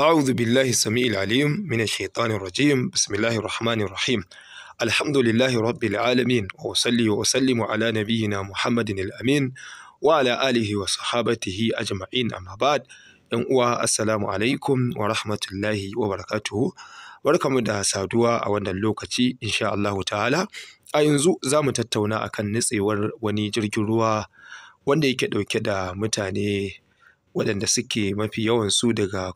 أعوذ بالله السميع العليم من الشيطان الرجيم بسم الله الرحمن الرحيم الحمد لله رب العالمين وأصلي وأسلم على نبينا محمد الأمين وعلى آله وصحابته أجمعين أما بعد assalamu alaikum wa rahmatullahi wa barakatuhu barkamu da saduwa a wannan lokaci insha Allahu ta'ala a yanzu za mu tattauna akan nutsewar wani jirgin ruwa wanda yake ɗauke da mutane waɗanda suke mafi yawan su daga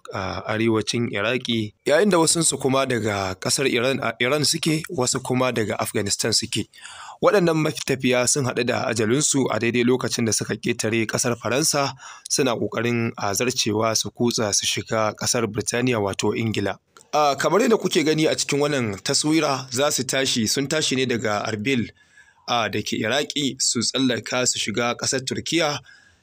arewacin iraki yayin da wasunsu kuma daga ƙasar iran, suke wasu kuma daga afghanistan suke waɗannan mafi tafiya sun haɗu da ajalinsu a daidai lokacin da suka ƙetare ƙasar faransa suna ƙoƙarin azarcewa su kutsa su shiga ƙasar birtaniya wato ingila A kamar yadda kuke gani a cikin wannan taswira za su tashi sun tashi ne daga arbil a da ke iraki su tsallaka su shiga ƙasar Turkiyya.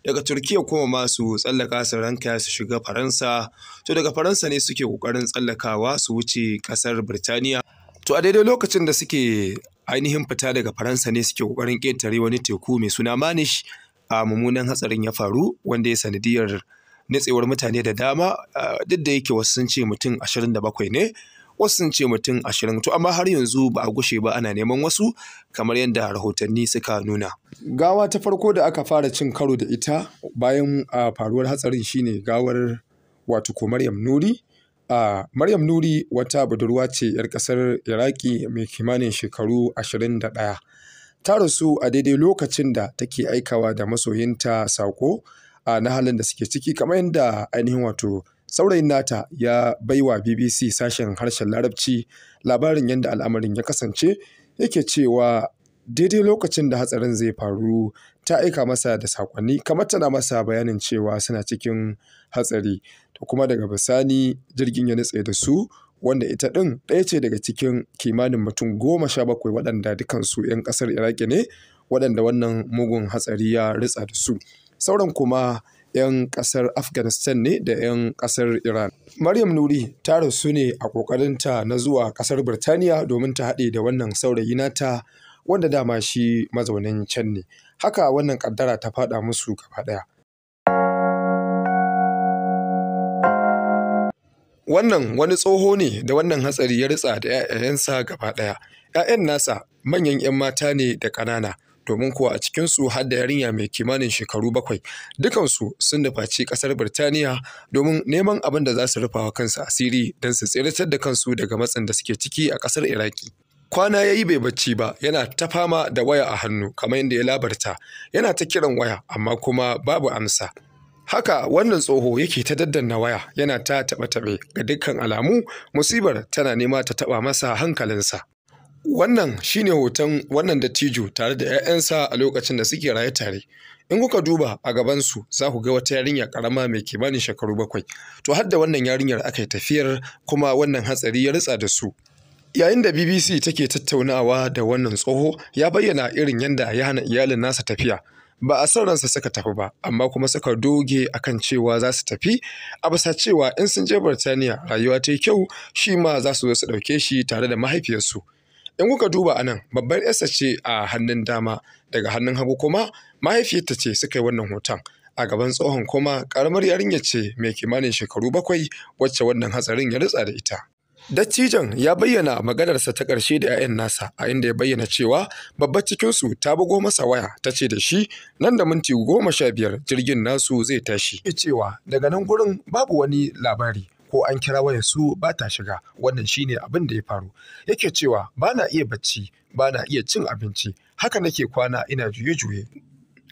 daga turkiya kuma masu tsallaka su ranka su shiga faransa to daga faransa ne suke kokarin tsallakawa su wuce kasar birtaniya to a daidai lokacin da suke ainihin fita daga faransa ne suke kokarin ƙetare wani teku mai suna manish a mummunan hatsarin ya faru wanda ya sanadiyar nitsewar mutane da dama duk da yake wasu sun ce mutum 27 ne wasu sun ce mutum ashirin to amma har yanzu ba a gushe ba ana neman wasu kamar yadda rahotanni suka nuna gawa ta farko da aka fara cin karo da ita bayan a faruwar hatsarin shine gawar wato ko maryam nuri a maryam nuri wata budurwa ce 'yar kasar iraki mai kimanin shekaru ashirin da ɗaya ta rasu a daidai lokacin da take aikawa da masoyinta sako a na halin da suke ciki kamar yadda ainihin wato saurayin nata ya baiwa bbc sashen harshen larabci labarin yadda al'amarin ya kasance yake cewa daidai lokacin da hatsarin zai faru ta aika masa da sakonni kamar tana masa bayanin cewa suna cikin hatsari da kuma daga bisani jirgin ya nutse da su wanda ita ɗin ɗaya ce daga cikin kimanin mutum goma sha bakwai waɗanda dukansu 'yan ƙasar iraki ne waɗanda wannan mugun hatsari ya ritsa da su sauran kuma 'yan ƙasar afghanistan ne da 'yan ƙasar iran maryam nuri ta rasu ne a kokarinta na zuwa ƙasar birtaniya domin ta haɗe da wannan saurayi nata wanda dama shi mazaunin can ne haka wannan kaddara ta faɗa musu gaba ɗaya wannan wani tsoho ne da wannan hatsari ya ritsa da 'ya'yansa gaba ɗaya 'ya'yan nasa manyan 'yan mata ne da ƙanana domin kuwa a cikinsu har da yarinya mai kimanin shekaru bakwai dukansu sun nufaci ƙasar birtaniya domin neman abin da za su wa kansu asiri don su tseratar da kansu daga matsin da suke ciki a ƙasar iraki kwana ya yi bai bacci ba yana ta fama da waya a hannu kamar yadda ya labarta yana ta kiran waya amma kuma babu amsa haka wannan tsoho yake ta daddanna waya yana ta taɓe-taɓe ga dukkan alamu musibar tana nema ta taɓa masa hankalinsa Wannan shine hoton wannan dattijo tare da 'ya'yansa a lokacin da suke raye tare. In kuka duba a gabansu za ku ga wata yarinya karama mai kimanin shekaru bakwai. To har da wannan yarinyar aka yi tafiyar kuma wannan hatsari ya ritsa da su. Yayin da BBC take tattaunawa da wannan tsoho ya bayyana irin yadda ya hana iyalin nasa tafiya. ba a san ransa suka tafi ba amma kuma suka doge akan cewa za su tafi a bisa cewa in sun je Birtaniya rayuwa ta yi kyau shi ma za su zo su ɗauke shi tare da mahaifiyarsu in kuka duba anan, babbar yarsa ce a hannun dama daga hannun hagu kuma mahaifiyarta ce suka yi wannan hoton a gaban tsohon kuma karamar yarinya ce mai kimanin shekaru bakwai wacce wannan hatsarin ya ritsa da ita Dattijon ya bayyana maganarsa ta ƙarshe da 'ya'yan nasa a inda ya bayyana cewa babbar cikinsu ta bugo masa waya ta ce da shi nan da minti goma sha biyar jirgin nasu zai tashi. cewa daga nan gurin babu wani labari ko an kira su ba ta shiga wannan shine abin da ya faru yake cewa ba na iya bacci ba na iya cin abinci haka nake kwana ina juye-juye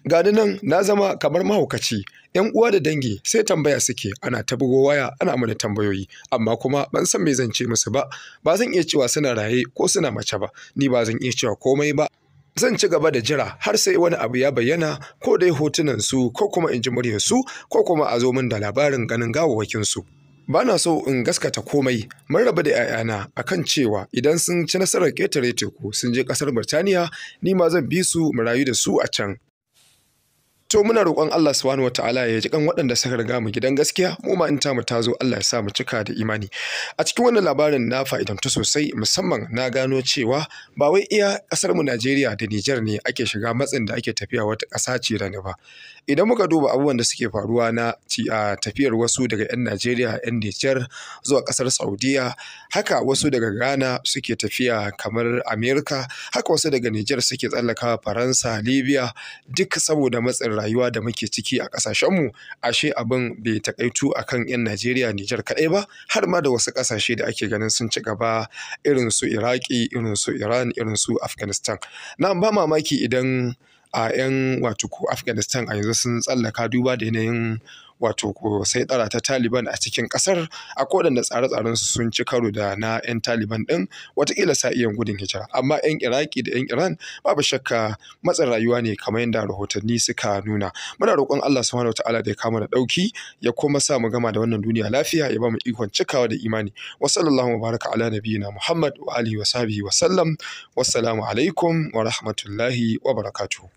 gani nan na zama kamar mahaukaci yan uwa da dangi sai tambaya suke ana ta bugo waya ana mana tambayoyi amma kuma ban san me zan ce musu ba ba zan iya cewa suna raye ko suna mace ba ni ba zan iya cewa komai ba zan ci gaba da jira har sai wani abu ya bayyana ko dai hotunan su ko kuma in muryar su ko kuma a zo min da labarin ganin gawawwakin su bana so in gaskata komai mun rabu da 'ya'yana akan cewa idan sun ci nasarar ƙetare teku sun je ƙasar Birtaniya ni ma zan bi su mu rayu da su a can. To muna roƙon Allah subhanahu wataala ya ji kan waɗanda suka riga mu gidan gaskiya mu ma in tamu ta zo Allah ya sa mu cika da imani. A cikin wannan labarin na fa'idantu sosai musamman na gano cewa ba wai iya ƙasar mu Najeriya da Nijar ne ake shiga matsin da ake tafiya wata ƙasa ce da ni ba. idan muka duba abubuwan da suke faruwa na a tafiyar wasu daga 'yan najeriya 'yan nijar zuwa ƙasar saudiya haka wasu daga ghana suke tafiya kamar amerika haka wasu daga nijar suke tsallaka faransa libya duk saboda matsin rayuwa da muke ciki a ƙasashenmu ashe abin bai takaitu kan 'yan najeriya nijar kaɗai ba har ma da wasu ƙasashe da ake ganin sun ci gaba irin su iraki irin su iran irin su afghanistan na ba mamaki idan a 'yan wato ko afghanistan a yanzu sun tsallaka duba da yanayin wato ko sai tsara ta taliban a cikin kasar a kodanda tsare-tsaren su sun ci karo da na 'yan taliban din watakila sa iya gudun hijira amma 'yan iraki da 'yan iran babu shakka matsin rayuwa ne kamar yadda rahotanni suka nuna muna roƙon allah subhanahu wataala da ya kama da ɗauki ya kuma sa mu gama da wannan duniya lafiya ya ba mu ikon cikawa da imani wa sallallahu baraka ala nabiyina muhammad wa alihi wa sahbihi wa sallam wassalamu alaikum wa rahmatullahi wa barakatuh